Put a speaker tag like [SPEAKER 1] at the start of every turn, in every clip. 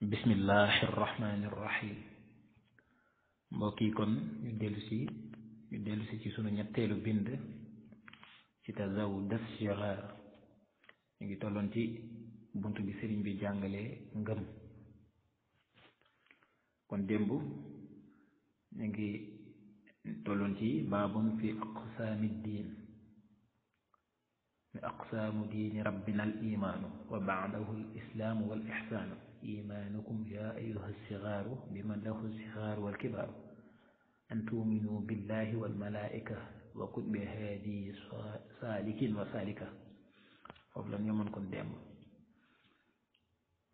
[SPEAKER 1] بسم الله الرحمن الرحيم مباكي كون يدلسي يدلسي كي سنو نتالو بند كي تزاو دس جغار يجي طولون تي بنتو بسرين بي جانغلي نغم كون ديمبو يجي طولون تي بابون في أقسام الدين أقسام دين ربنا الإيمان وبعده الإسلام والإحسان إيمانكم يا أيها الصغار بمن له الصغار والكبار أن تؤمنوا بالله والملائكة وكتب هذه سالك وسالكة قبل أن يمنكم دم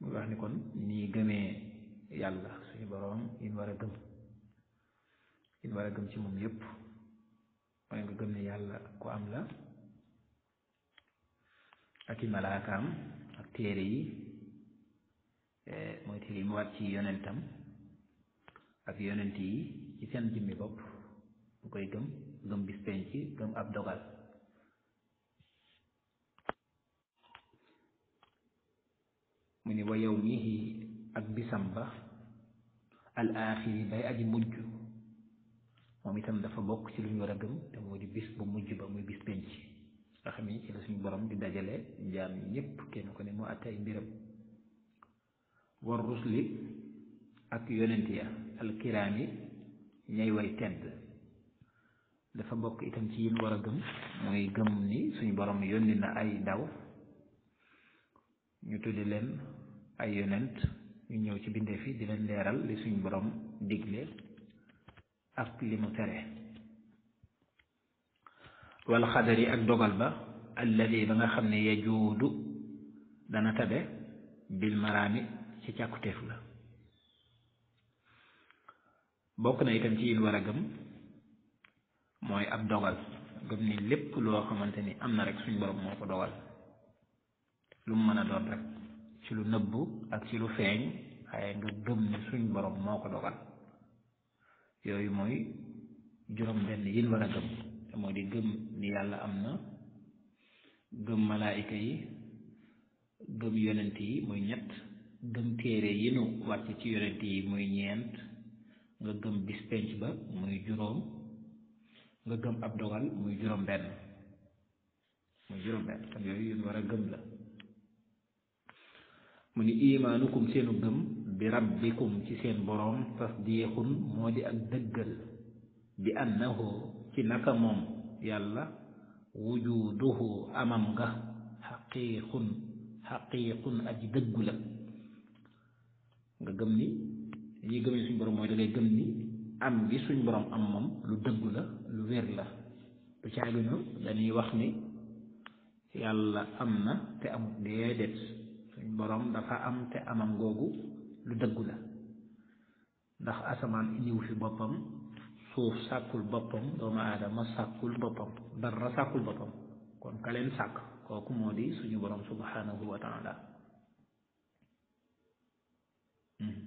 [SPEAKER 1] مباح نكون نيغمي يالا سوي برام إن ورقم إن ورقم تيمم يب وين غمي يالا كو أملا أكي ملاكام أكتيري mooy tilim waat ci yonentam ak yonent yi ci seen jëmmi bopp bu koy gëm gëm bis gëm ab dogal mu ni wa yawmihi ak bisam ba al axiri bay aji mujj moom itam dafa bokk ci lu ñu war a gëm te moo di bis bu mujj ba muy bis penc nga xam ni ci la suñu borom di dajale jaam ñépp kenn ko ne moo àtte ay mbiram war rusli ak yonent ya alkiraam yi ñay way tedd dafa bokk itam ci yin war a gëm mooy gëm ni suñu borom yónni na ay ndaw ñu tuddi leen ay yonent ñu ñëw ci bindee fii di leen leeral li suñu boroom digle ak li mu tere wal xadar ak dogal ba alladi ba nga xam ne yajuudu dana tabe bil ci càkkutéef la bokk na itam ci yin war a gëm mooy ab dogal gëm ni lépp loo xamante ni am na rek suñ borom moo ko dogal lu mu mën a doon rek ci lu nëbbu ak ci lu feeñ waaye nga gëm ni suñ borom moo ko dogal yooyu mooy juróom benn yin war a gëm te moo di gëm ni yàlla am na gëm malaayika yi gëm yonent yi muy ñett gëm téere yi nu wàcc ci yonent yi muy ñeent nga gëm bis penc ba muy juróom nga gëm ab dogal muy juróom benn muy juróom benn kon yooyu yun war a gëm la mu ni imaanukum seenu gëm bi rabbikum ci seen boroom tasdiixun moo di ak dëggal bi annahu ci naka moom yàlla wujuduhu amam nga xaqiiqun xaqiiqun aji dëggu la nga gëm ni yi gëmee suñ borom mooy da ngay gëm ni am gi suñ borom am moom lu dëgg la lu wér la lu caaguñu dañuy wax ni yàlla am na te amut déedéet suñ boroom dafa am te amam googu lu dëggu la ndax asamaan indiwu fi boppam suuf sàkkul boppam doomu aadama sàkkul boppam dara sàkkul boppam kon ka leen sàkk kooku moo di suñu borom subhanahu wa taala Hmm.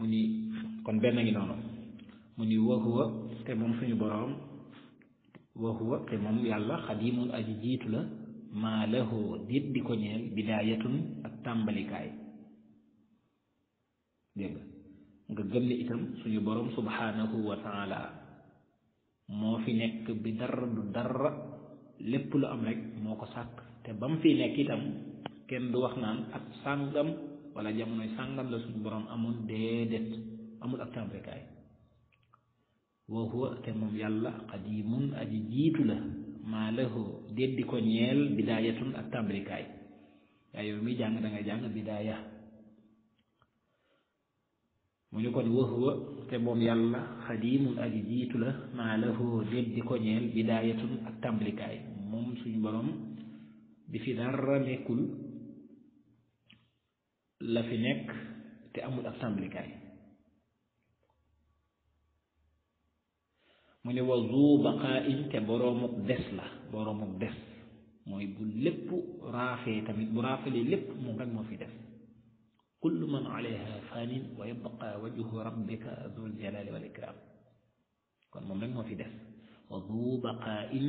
[SPEAKER 1] mu ni kon benn ngi noonu mu ni wa te moom suñu boroom wa huwa te moom yàlla xadimul aji jiitu la maa lahoo dit di ko ñeel bidaayatun ak tàmbalikaay dégg nga gëm ne itam suñu boroom subhanahu wa moo fi nekk bi dara du dara lépp lu am rek moo ko sàkk te bam fi nekk itam kenn du wax naan ak sàngam wala jamonoy sàngam la suñu borom amoon déedéet amul ak tàmbalikaay wa yàlla qadimun aji jiitu la maa lahu déddi ko ñeel bidaayatun ak tàmbalikaay yow mi jàng da jàng bidaaya mu ñu kon wa te moom yàlla xadimun aji jiitu la maa lahu déddi ko ñeel bidaayatun ak tàmbalikaay moom suñu borom bi fi dara nekkul la fi nekk te amul ab tàmbalikaay mu ne wa zu baqaain te boroomuk des la boroomuk des mooy bu lépp raafee tamit bu raafalee lépp moom rek moo fi def kullu man aleyha fanin wa yabqa wajhu rabbika dul ljalali wal ikram kon moom rek moo fi def wa zu baqaain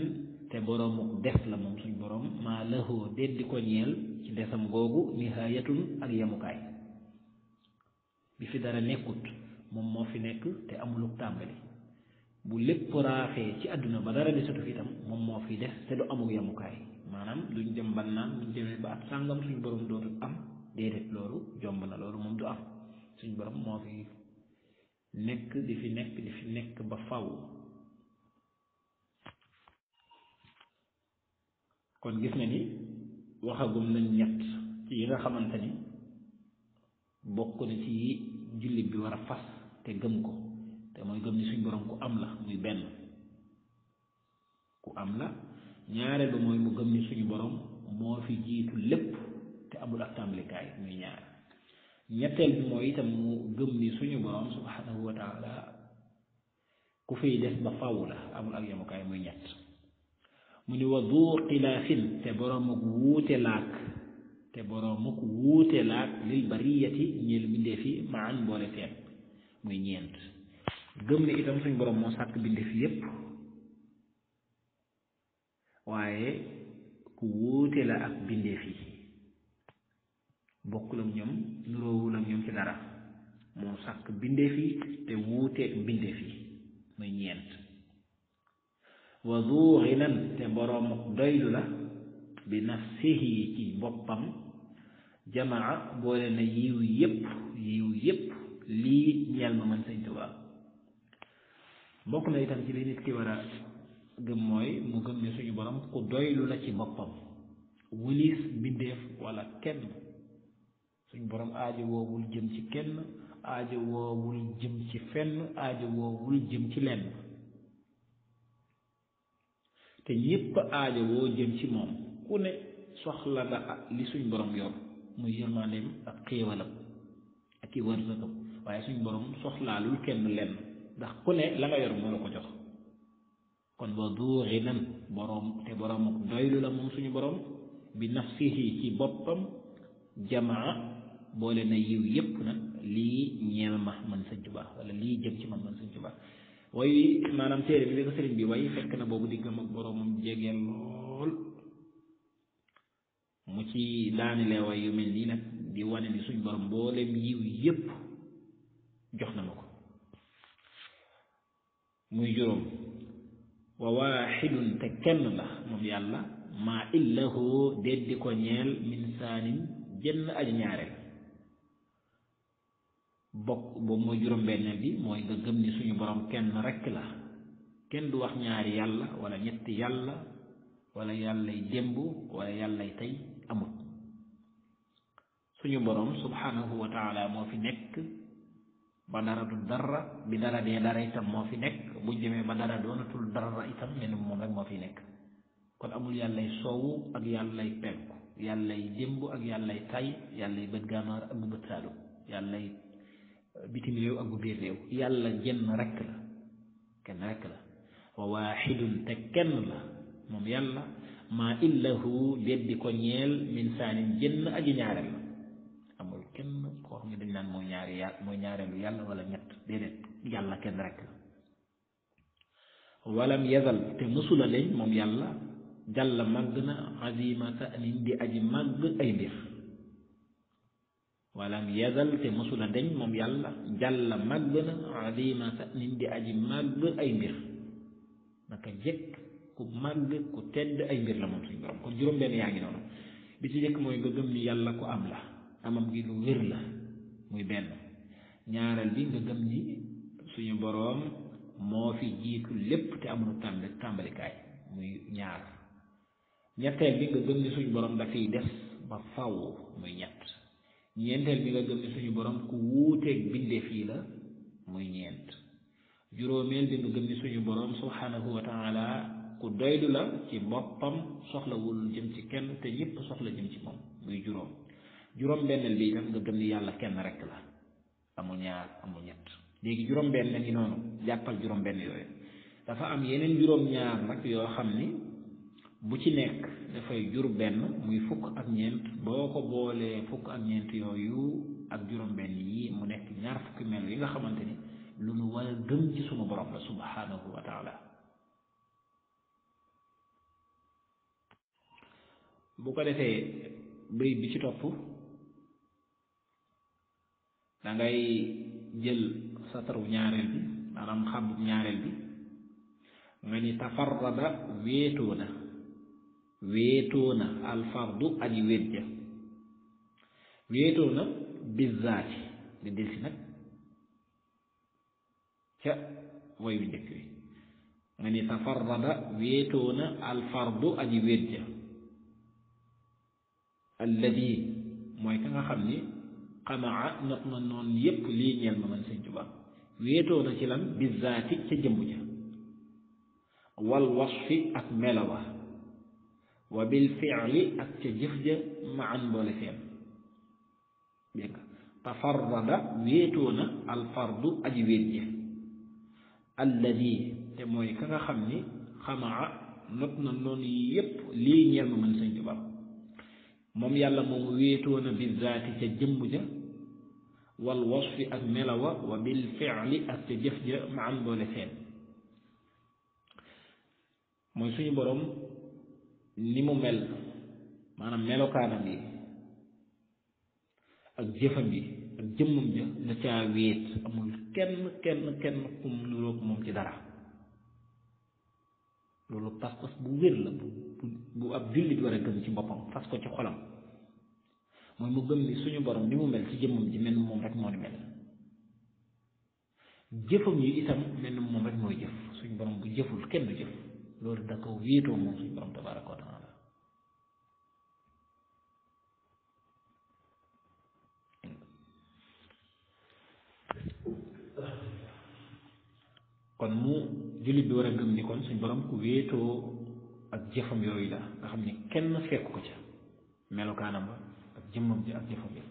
[SPEAKER 1] te boroomuk des la moom suñ boroom maa lahoo déddi ko ñeel ndesam googu nihaayatun ak yemukaay bi fi dara nekkut moom moo fi nekk te amuluk tàmbali bu lépp raaxee ci àdduna ba dara desatu fi itam moom moo fi des te du amul yemukaay maanaam duñ dem ban naan buñ demee ba at sàngam suñ borom dootu am déedéet loolu jomb na loolu moom du am suñ borom moo fi nekk di fi nekk di fi nekk ba faw kon gis na ni waxagum nañ ñett yi nga xamante ni bokk na ci yi jullit bi war a fas te gëm ko te mooy gëm ni suñ borom ku am la muy benn ku am la ñaareel ba mooy mu gëm ni suñu borom moo fi jiitu lépp te amul ak tàmbalikaay muy ñaar ñetteel bi mooy itam mu gëm ni suñu borom subhanahu wa ku fiy des ba faaw la amul ak yamukaay muy ñett mu ni wa du xilaafin te boroomuk wuute laak te boroomuk wuute laak lil bariyati ñeel mbindeef yi maan boole teen muy ñeent gëm ne itam suñ boroom moo sàkk mbindeef yépp waaye ku wuute la ak mbindeef yi bokkul ñoom nuroowul ñoom ci dara moo sàkk mbindeef yi te wuuteeg mbindeef yi muy ñeent wa du xilan te boroomu doylu la bi nafsihi ci boppam jamaa boole na yiw yépp yiw yépp lii ñeel ma man sëñ Tuubaa bokk na itam ci li nit ki war a gëm mooy mu gëm ne suñu borom ku doylu la ci boppam wuliis mbindeef wala kenn suñu borom aajo woowul jëm ci kenn aajo woowul jëm ci fenn aajo woowul jëm ci lenn te ñépp aajo woo jëm ci moom ku ne soxla na li suñ borom yor muy yërmandeem ak xéewalam ak i wërsëgam waaye suñ borom soxlaalul kenn lenn ndax ku ne la nga yor moo la ko jox kon ba duuxi nan boroom te boroom ak doylu la moom suñu boroom bi nafsihi ci boppam jamaa boole na yiw yépp nag lii ñeel ma man sëñ Tuubaa wala lii jëm ci man man sëñ way maanaam téere bi bi ko sëriñ bi way fekk na boobu diggam ak boroomam jege lool mu ci daanile way yu mel nii nag di wane ni suñ borom mboolem yiw yépp jox na ma ko muy juróom wa waaxidun te kenn la moom yàlla maa illahu déddi ko ñeel minsaanin jënn aji ñaareel bokk boobu mooy juróom-benneel bi mooy nga gëm ni suñu borom kenn rekk la kenn du wax ñaari yàlla wala ñetti yàlla wala yàllay démb wala yàllay tey amut suñu borom moo fi nekk du dara bi dara dee dara moo fi nekk buñ demee ba dara doonatul dara moo fi nekk kon amul yàllay soowu ak yàllay penku yàllay ak yàllay tay yàllay bët gànnaar ak bu bët saalum yàllay bitim réew ak bu biir réew yàlla jenn rekk la kenn rekk la wa waaxidun te kenn la moom yàlla maa illahu léddi ko ñeel min saanin aji ñaareel la amul kenn koo xam ne dañ naan mooy ñaari yàlla mooy ñaareelu yàlla wala ñett déedéet yàlla kenn rekk la walam yazal yàlla jàll màgg na azimata nin di aji màgg ay mbir walam yazal te mosula deñ moom yàlla jàlla màgg na adima sa nit di aji màgg ay mbir naka jëkk ku màgg ku tedd ay mbir la moom suñu borom kon juróom-benn yàlla ku am la amam gi lu wér la muy benn ñaareel bi nga gëm ni suñu boroom moo fi jiitu lépp te amul tàmbali tàmbalikaay muy ñaar ñetteel bi nga gëm ni suñu boroom dafiy des ba faw muy ñett ñeenteel bi nga gëm ni suñu borom ku wuuteeg bindeef fii la muy ñeent juróomeel bi nga gëm ni suñu borom subhanahu wa ku doylu la ci boppam soxlawul jëm ci kenn te ñëpp soxla jëm ci moom muy juróom juróom benneel bi itam nga gëm ni yàlla kenn rek la amul ñaar amul ñett léegi juróom benn ngi noonu jàppal juróom benn yooyu dafa am yeneen juróom ñaar nag yoo xam ni bu ci nekk dafay jur benn muy fukk ak ñeent boo ko boolee fukk ak ñeent yooyu ak juróom-benn yi mu nekk ñaar fukki melo yi nga xamante ni lu nu war a gëm ci taala bu ko defee bayit bi ci topp da ngay jël sataru ñaareel bi maanaam xàbbub ñaareel bi nga ni tafarrada wéetoo na ويتونا الفرد ادي ويديا ويتونا بالذات دي ديلسي نك كا واي ويديك وي ماني تفرد ويتونا الفرد ادي ويديا الذي موي كاغا خامني قمع نطمنون ييب لي نيل ما من سنجبا ويتونا سي لان بالذات سي جيمبو والوصف اك ملوه وبالفعل أتجهد مع بولفهم بيك تفرد ويتون الفرد أجويدية الذي تموي كنا خمني خمع نطن النون يب لين يرم من سنك بار مم يالا مم ويتون بالذات تجمجة والوصف الملوى وبالفعل أتجهد مع بولفهم موسيقى ni mu mel maanaam melokaanam yi ak jëfam yi ak jëmmam ja da caa wéet amul kenn kenn kenn kum nuroog moom ci dara loolu pas-pas bu wér la bu bu ab jullit war a gëm ci boppam fas ko ci xolam mooy mu gëm ni suñu borom ni mu mel ci jëmmam ji mel moom rek moo ni mel jëfam yi itam mel ni moom rek mooy jëf suñu borom bu jëful kenn du jëf loolu da ko wéetoo moom suñu borom tabaraka wa taala kon mu jullit bi war a gëm ni kon suñ borom ku wéetoo ak jëfam yooyu la nga xam ni kenn fekk ko ca melokaanam ba ak jëmmam ji ak jëfam yi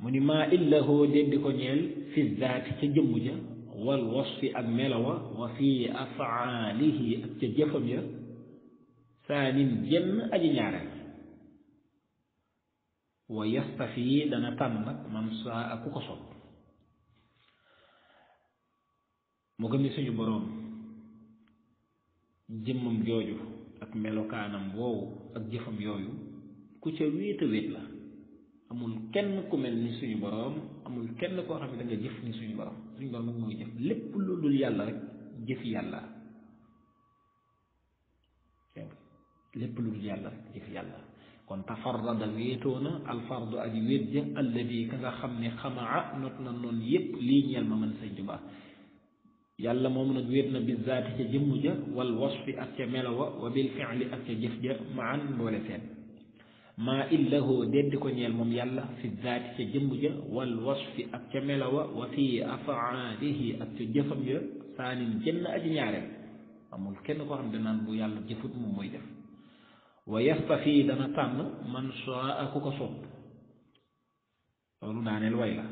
[SPEAKER 1] mu ni maa illahoo dénd ko ñeel fi zaati ca jëmm ja wal wasfi ak melawa wa fii afaalihi ak ca jëfam ya saanin jenn aji ñaareel wa yastafi dana tànn nag man saa ak ku ko sopp mu gëm ni suñu boroom jëmmam jooju ak melokaanam woowu ak jëfam yooyu ku ca wéeta wéet la amul kenn ku mel ni suñu boroom amul kenn koo xam ne da nga jëf ni suñu boroom suñ borom nag mooy jëf lépp lu dul yàlla rek jëf yàlla lépp lu dul yàlla rek jëf yàlla kon tafarrada wéetoo na alfardu aji wéet ja alladi ka nga xam ne xamaa not na noonu yépp lii ñeel ma man sëñ Tuubaa yàlla moom nag wéet na bi zaati ca jëmm ja wal wasfi ak ca melowa wa bil fi'li ak ca jëf ja maan mboole seen maa illahu deddi ko ñeel moom yàlla fi zaati ca jëmb ja wal wasfi ak ca melawa wa fi afaalihi ak ca jëfam ya saanin jënn aji ñaareel amul kenn koo xam ne naan bu yàlla jëfut moom mooy def wa yastafi dana tànn man saa ku ko sopp loolu daaneel way la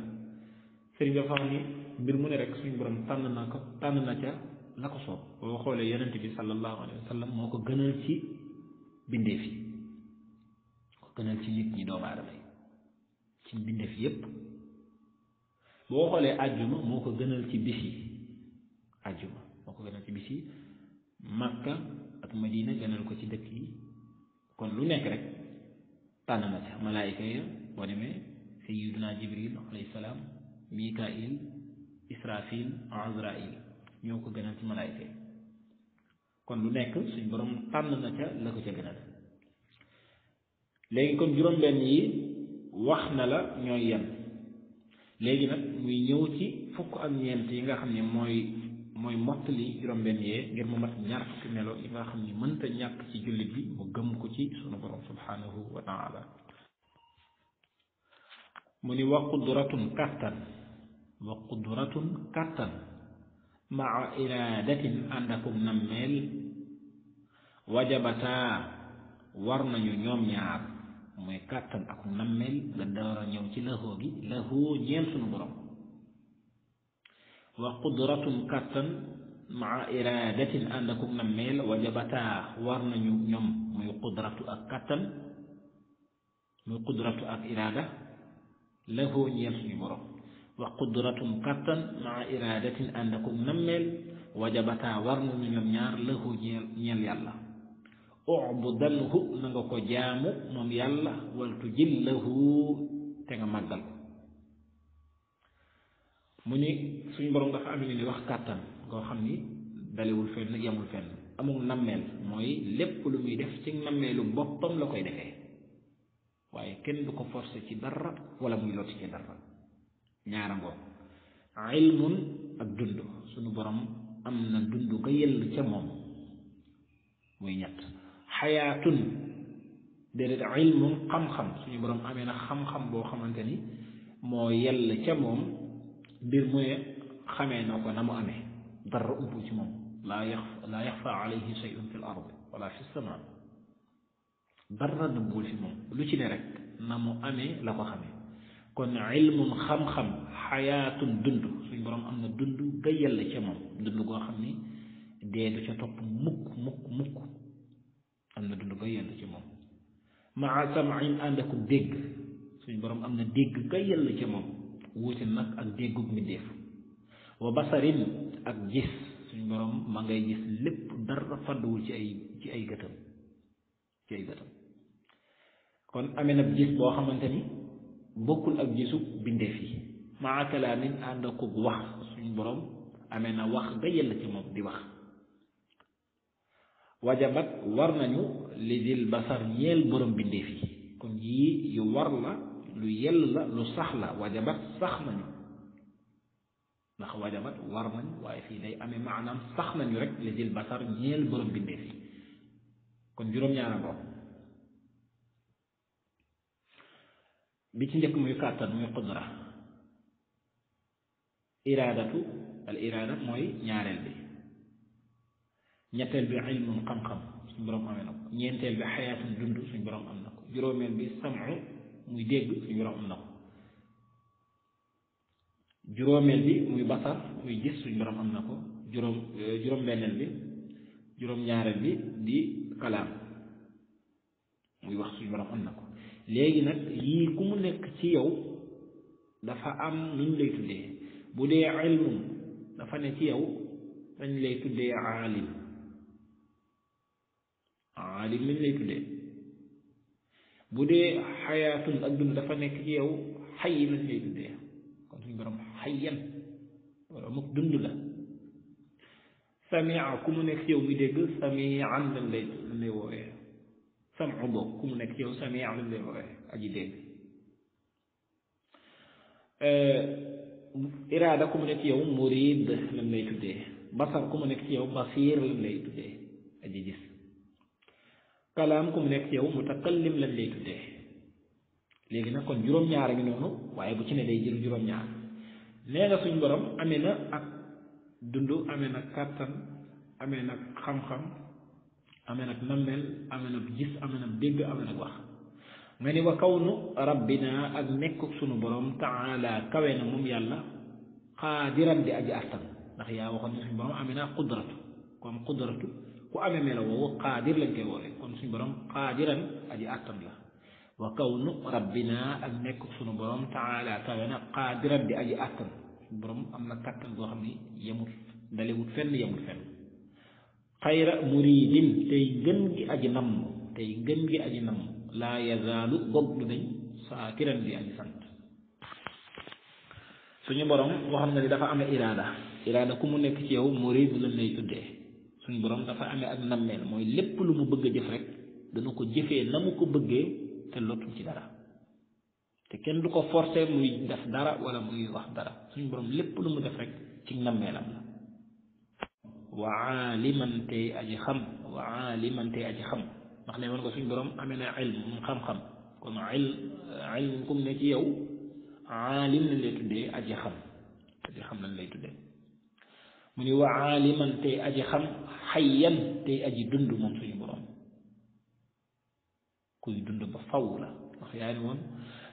[SPEAKER 1] sëriñ dafa xam ni mbir mu ne rek suñu borom tànn na ko tànn na ca la ko sopp boo xoolee yonent bi sallallahu alayhi wa moo ko gënal ci bindee fi gënal ci nit ñi doomu aadama yi ci mbindeef yépp boo xoolee àjjuma moo ko gënal ci bis yi àjjuma moo ko yi Makka ak Madina gënal ko ci dëkk yi kon lu nekk rek tànn na ca malaayika ya boo demee sayyiduna Jibril alayhi salaam Mikail Azrail ñoo ko gënal ci malaayika yi kon lu nekk suñ borom tànn na ca la ko ca gënal léegi kon juróom-benn yi wax na la ñooy yan léegi nag muy ñëw ci fukk ak ñeent yi nga xam ne mooy mooy mottali juróom-benn yee ngir mu mat ñaar fukki melo yi nga xam ne mënta ñàkk ci jullit bi mu gëm ko ci sunu borom subhanahu wa taala mu ni wa qudratun kàttan wa qudratun kàttan maa iradatin ànd akum nammeel wajabataa war nañu ñoom ñaar mooy kàttan ak nammeel nga door a ci lëxoo gi lëxoo ñeel wa qudratun kàttan maa iradatin ànd ak nammeel wajabataa war nañu ñoom muy qudratu ak kàttan muy qudratu ak iraada lëxoo ñeel suñu borom wa qudratun kàttan maa iradatin ànd ak nammeel wajabataa war nañu ñaar lëxoo ñeel ñeel yàlla ubudalhu na nga ko jaamu moom yàlla waltu jillahu te nga màggal mu ni suñ borom dafa amee ni wax kàttan ngoo xam ni dalewul fenn yemul fenn amul nammeel mooy lépp lu muy def ci nammeelu boppam la koy defee waaye kenn du ko forcé ci dara wala muy lott ci dara ñaara ngoog ilmun ak dund suñu borom am na dund ko yell ca moom muy ñett xayaatun déedéet ilmun xam-xam suñu borom amee na xam-xam boo xamante ni moo yell ca moom mbir mu xamee na ko na mu amee dara umpu ci moom l ard lu ci ne rek na mu amee la ko xamee kon ilmun xam-xam xayaatun dund suñu borom am na dund ga yell ca moom dund goo xam ni dee du ca topp mukk mukk mukk am na dund koy yàlla ci moom maa samain ànd ak dégg suñu borom am na dégg koy yàlla ci moom wuute nag ak déggug mbindéef wa basarin ak gis suñu borom ma ngay gis lépp dara fàdduwul ci ci ay gëtam ci ay gëtam kon amee nag gis boo xamante ni bokkul ak gisu bindeef yi maa kalaamin ànd ak wax suñu borom amee na wax ga yàlla ci moom di wax wajabat war nañu li dil basar ñeel borom bindéef yi kon yii yu war la lu yell lu sax la wajabat sax nañu ndax wajabat war nañu waaye fii day amee maanaam sax nañu rek li dil basar ñeel borom bindéef yi kon juróom-ñaara bopp bi ci njëkk muy kàttan muy qudra iraadatu al iraadat mooy ñaareel bi ñetteel bi ilmun xam-xam suñ borom amee na ko ñeenteel bi xayaatun dund suñ borom am na ko juróomeel bi samu muy dégg borom am na ko juróomeel bi juróom euh, juróom-benneel bi juróom-ñaareel bi di kalaam muy wax suñ borom am na ko léegi nag yii ku mu nekk ci yow dafa am nuñ lay tuddee bu dee ilmun dafa ne ci yow dañ lay tuddee aalim عالم من لي تودي بودي حياه الادن دا فا نيك تي ياو حي من لي تودي كون سون بروم حيا مك دند لا سمعكم نيك يوم مي دغ سميعا من لي لي ووي سمع بكم نيك يوم سميعا من لي ووي اجي دغ ا اراده كوم نيك يوم مريد من لي تودي بصر كوم نيك يوم بصير من لي تودي اجي جيس kalaam ku mu nekk yow mutakallim lañ lay tuddee léegi nag kon juróom-ñaar a ngi noonu waaye bu ci ne day jël juróom-ñaar nee na suñ borom amee na ak dund amee nag kàttan amee nag xam-xam amee na nammeel amee na gis amee na dégg amee na wax nga ni wa kawnu rabbina ak nekkuk sunu boroom taala kawe na moom yàlla xaadiran di aji artam ndax yaa waxoon suñu borom amee na qudratu ku am qudratu ku amee melo woowu qaadir lañ koy woowe kon suñu borom qaadiran aji àttan la wa kawnu rabbina ak nekk suñu borom taala kawe na qaadiran di am na kàttan goo xam ni yemul dalewut fenn yemul fenn xayra muridin gi aji namm tey gën gi ni dafa amee iraada iraada ku mu nekk ci yow murid lañ lay tuddee suñ borom dafa amee ak nammeel mooy lépp lu mu bëgg a jëf rek dana ko jëfee na mu ko bëggee te lottu ci dara te kenn du ko forcer muy def dara wala muy wax dara suñ borom lépp lu mu def rek ci nammeelam la wa aaliman tey aji xam wa aaliman tey aji xam ndax ne man ko suñ borom na ilm mu xam-xam kon ilm ilm ne lay tuddee aji xam aji xam lañ lay tuddee mu ni wa aaliman aji xam xayyan tey aji dund moom suñu borom kuy dund ba faw la ndax yaa ni woon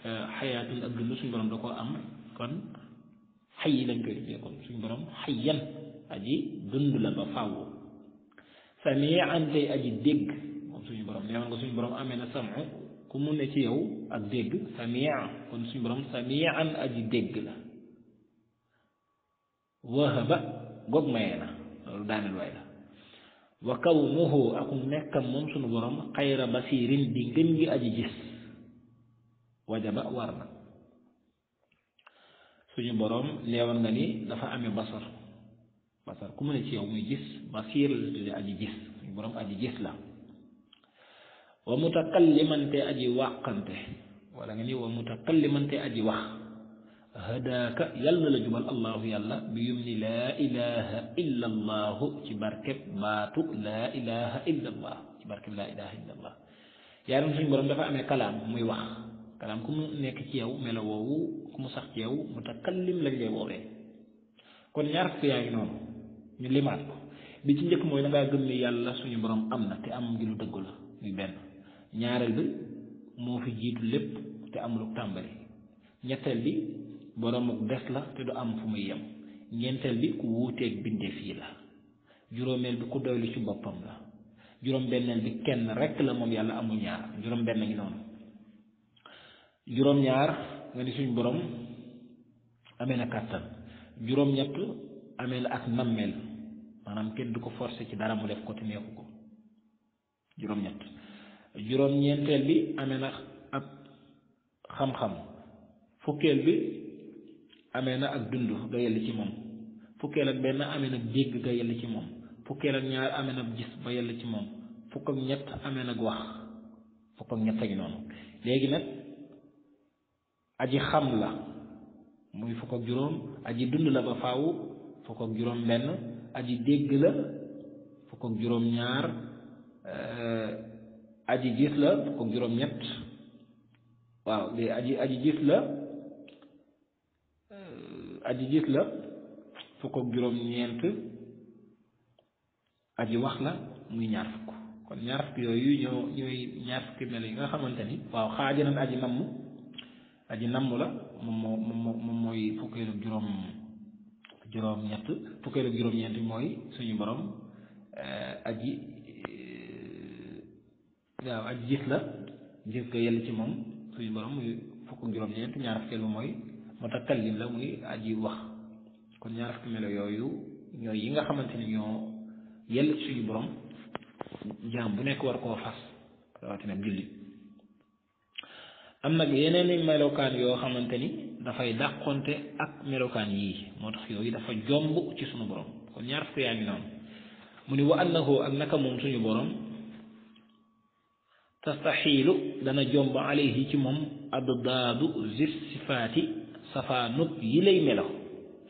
[SPEAKER 1] euh, xayaatun ak dund suñu borom da koo am kon xay lañ koy tuddee kon suñu borom xayyan aji dund la ba faw samian tey aji dégg moom suñu borom nee nga suñu borom amee na samu ku mu ne ci yow ak dégg samia kon suñu borom samian aji dégg la wahaba goog mayee na loolu daaneel waay la wa kawnuhu akum nekkam moom sunu borom xayra basirin di ngën gi aji gis wajaba war na suñu borom leewal nga ni dafa amee basar basar ku mu ne ci yow muy gis basir la tudde aji gis suñu borom aji gis la wa mutakallimante aji wàqante wala nga ni wa mutakallimante aji wax hadaaka yàlla la jubal allahu yàlla bi yum ni laa ilaha illa ci barkeb baatu laa ilaha illa ci barkeb laa ilaha illa allah yaa nam suñu borom dafa amee kalaam muy wax kalaam ku mu nekk ci yow melo ku mu sax ci yow mutakallim lañ lay woowee kon ñaar fukk yaa ngi noonu ñu limaat ko bi ci njëkk mooy da ngaa gëm ni yàlla suñu borom am na te am ngi lu dëggu la muy benn ñaareel bi moo fi jiitu lépp te amul tàmbali ñetteel bi boromuk des la te du am fu muy yem ñeenteel bi ku wuuteeg bindeef yi la juróomeel bi ku doylu ci boppam la juróom-benneel bi kenn rekk la moom yàlla amul ñaar juróom-benn ngi noonu juróom-ñaar nga ni suñ borom amee na kàttan juróom-ñett amee ak nammeel maanaam kenn du ko forcer dara mu def ko te ko juróom-ñett juróom-ñeenteel bi amee na ab xam-xam fukkeel bi amee na ak dund nga yell ci moom fukkeel ak benn amee na dégg nga yell ci moom fukkeel ak ñaar amee na gis ba yell ci moom fukk ak ñett amee na wax fukk ak ñett ak noonu léegi nag aji xam la muy fukk ak juróom aji dund la ba faw fukk ak juróom benn aji dégg la fukk ak juróom ñaar eh, aji gis la fukk ak juróom ñett waaw léegi aji aji gis la aji gis la fukk ak juróom-ñeent aji wax la muy ñaar fukk kon ñaar fukk yooyu ñoo ñooy ñaar fukki mel yi nga xamante ni waaw xaaja nañ aji namm aji namm la moom moom moom mooy fukk juróom juróom ñeent mooy suñu borom eh, aji eh, waaw aji gis la gis nga yell moom suñu borom juróom-ñeent ñaar fukkeelu mooy. mutakallim la muy aji wax kon ñaar fukki melo yooyu ñooy yi nga xamante ni ñoo yell suñu borom jaam bu nekk war koo fas rawatina jullit am nag yeneen i melokaan yoo xamante ni dafay dàqonte ak melokaan yii moo tax yooyu dafa jomb ci suñu borom kon ñaar fukki yaa ngi noonu mu ni wa annahu ak naka moom suñu borom tastaxiilu dana jomb alayhi ci moom addaadu zif sifaati safaanug yi lay melaw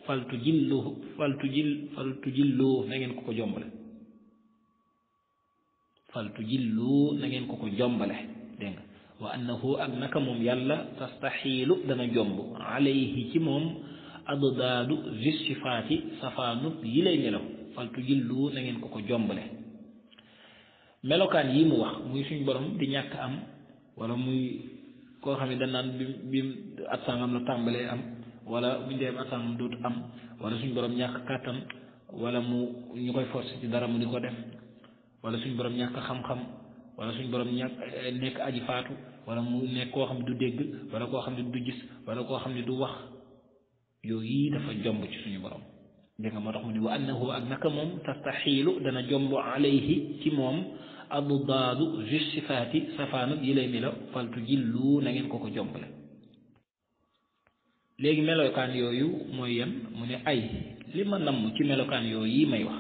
[SPEAKER 1] faltu jillu faltu jil nangeen ko ko jombale faltu jillu na ngeen ko ko jombale dégg nga wa annahu ak naka moom yàlla tastaxiilu dana jomb alayhi ci moom addaadu justifaati safaanub yi lay melaw faltu jillu na ngeen ko ko jombale melokaan yi mu wax muy suñ borom di ñàkk am wala muy koo xam ne dañ naan bi bi at sàngam la tàmbalee am wala bu ñu dee at sàngam am wala suñ boroom ñàkk kàttan wala mu ñu koy forcé ci dara mu di ko def wala suñ borom ñàkk xam-xam wala suñ borom ñàkk eh, nekk aji faatu wala mu nekk koo xam ne du dégg wala koo xam ne du gis wala koo xam ne du wax yooyu yii dafa jomb ci suñu borom dégg tax mu ne wa annahu ak naka moom tastaxiilu dana jomb alayhi ci moom addaadu justifaati safaanub yi lay melo faltu jillu na ngeen ko ko jombale léegi melokaan yooyu mooy yan mu ne ay li ma namm ci melokaan yooyu yi may wax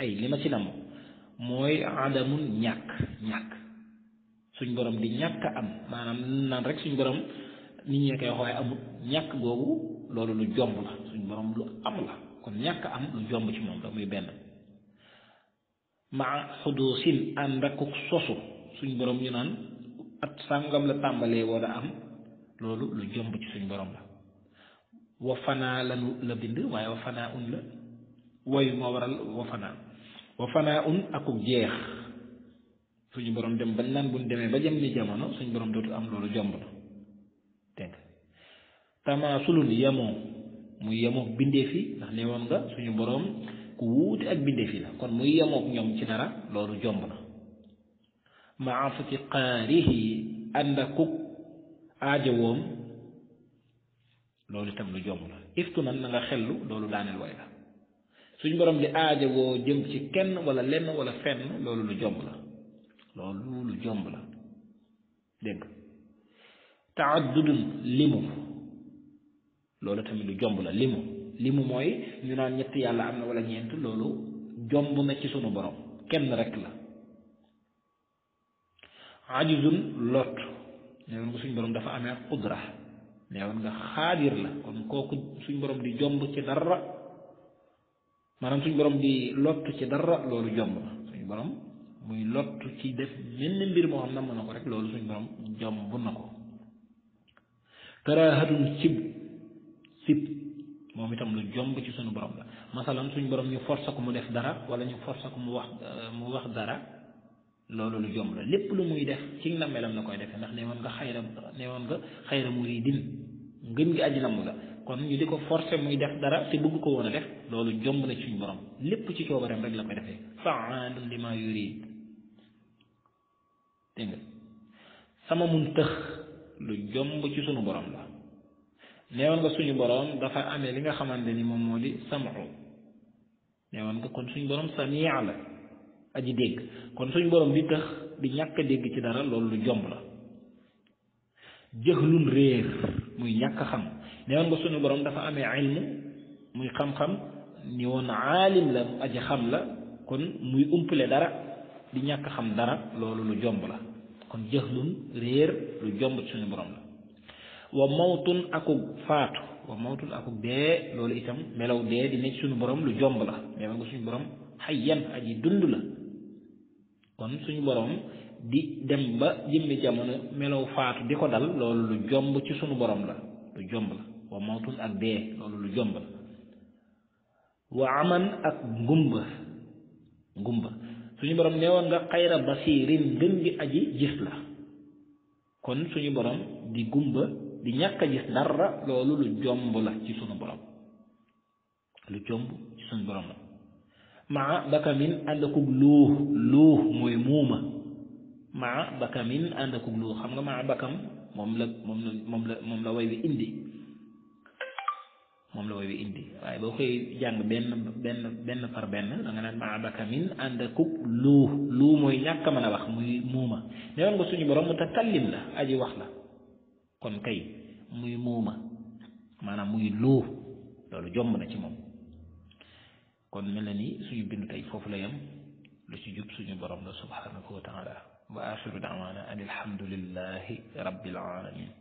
[SPEAKER 1] ay li ma ci namm mooy adamun ñàkk ñàkk suñ boroom di ñàkk am maanaam naan rek suñ borom nit ñi koy wax amut ñàkk boobu loolu lu jomb la suñ borom lu am la kon ñàkk am lu jomb ci moom la muy benn maa xuduusin ànd ak sosu suñ boroom ñu naan at sàngam la tàmbalee woon a am loolu lu jomb ci suñ boroom la wa fanaa lanu la bind waaye wa un la woyu moo waral wa fanaa wa fanaa un jeex suñu boroom dem ba naan buñ demee ba jëm ni jamono suñ boroom dootu am loolu jomb na dégg tamaasulun yamoo muy yamoo bindee fi ndax ne nga suñu borom. ku wuute ak bindeef yi la kon muy yemook ñoom ci dara loolu jomb na maa ftiqaarihi ànd akuk aajowoom loolu itam lu jomb la iftu nan na nga loolu daaneel la suñ borom di aajowoo jëm ci kenn wala lenn wala fenn loolu lu jomb la loolu lu jomb la dégg taaddudun limu loolu tamit lu jomb la limu li mu mooy ñu naan ñett yàlla am na wala ñeent loolu jomb na ci suñu borom kenn rek la ajizun lot neewoon nga suñ borom dafa amee qudra neewoon nga xaadir la kon kooku suñ borom di jomb ci dara maanaam suñ boroom di lot ci dara loolu jomb na suñ borom muy lot ci def menn mbir moo xam na mën na ko rek loolu suñ borom jomb na ko karahatun sib sib moom itam lu jomb ci suñu borom la masalan suñu boroom ñu forcer ko mu def dara wala ñu forcer ko mu wax mu wax dara loolu lu jomb la lépp lu muy def ci na melam la koy defee ndax nee woon nga xayra nee woon nga xayra muridin ngën gi aji namm la kon ñu di ko forcer muy def dara te bëgg ko woon a def loolu jomb na ci suñu borom lépp ci coobareem rek la koy defee faalun lima yurid dégg nga sama mun tëx lu jomb ci suñu borom la neewoon nga suñu boroom dafa amee li nga xamante ni moom moo di samu neewoon nga kon suñu boroom samia la aji dégg kon suñu boroom di tax di ñàkk dégg ci dara loolu lu jomb la jëxlun réer muy xam suñu boroom dafa amee ilmu muy xam-xam woon aalim la aji xam la kon muy umpale dara di ñàkk xam dara loolu lu jomb kon jëxlun réer lu jomb suñu boroom la wa mawtun akug faatu wa mawtun akug dee loolu itam melaw dee di nekk suñu boroom lu jomb la melaw nga suñu borom xayyan aji dund la kon suñu borom di dem ba jëmmi jamono melaw faatu di lu jomb ci suñu borom la lu jomb la wa mawtun ak dee loolu lu nga xayra basirin gën aji gis la kon suñu borom di gumba di ñàkk a gis dara loolu lu jomb la ci sunu borom lu jomb ci sunu borom la maa bakamin ànd akug luux luux mooy muuma maa bakamin ànd akug indi moom la way indi waaye boo koy jàng bakamin ànd akug luux luux mooy ñàkk a mën wax muy muuma ne woon nga suñu borom mutakallim la aji wax la kon kay muy muuma maanaam muy luu loolu jomb na ci moom kon mel na ni suñu bindu tey foofu la yam lu ci jub suñu borom la subhanahu wa taala wa axiru daawaana an alhamdulillahi rabbil alamin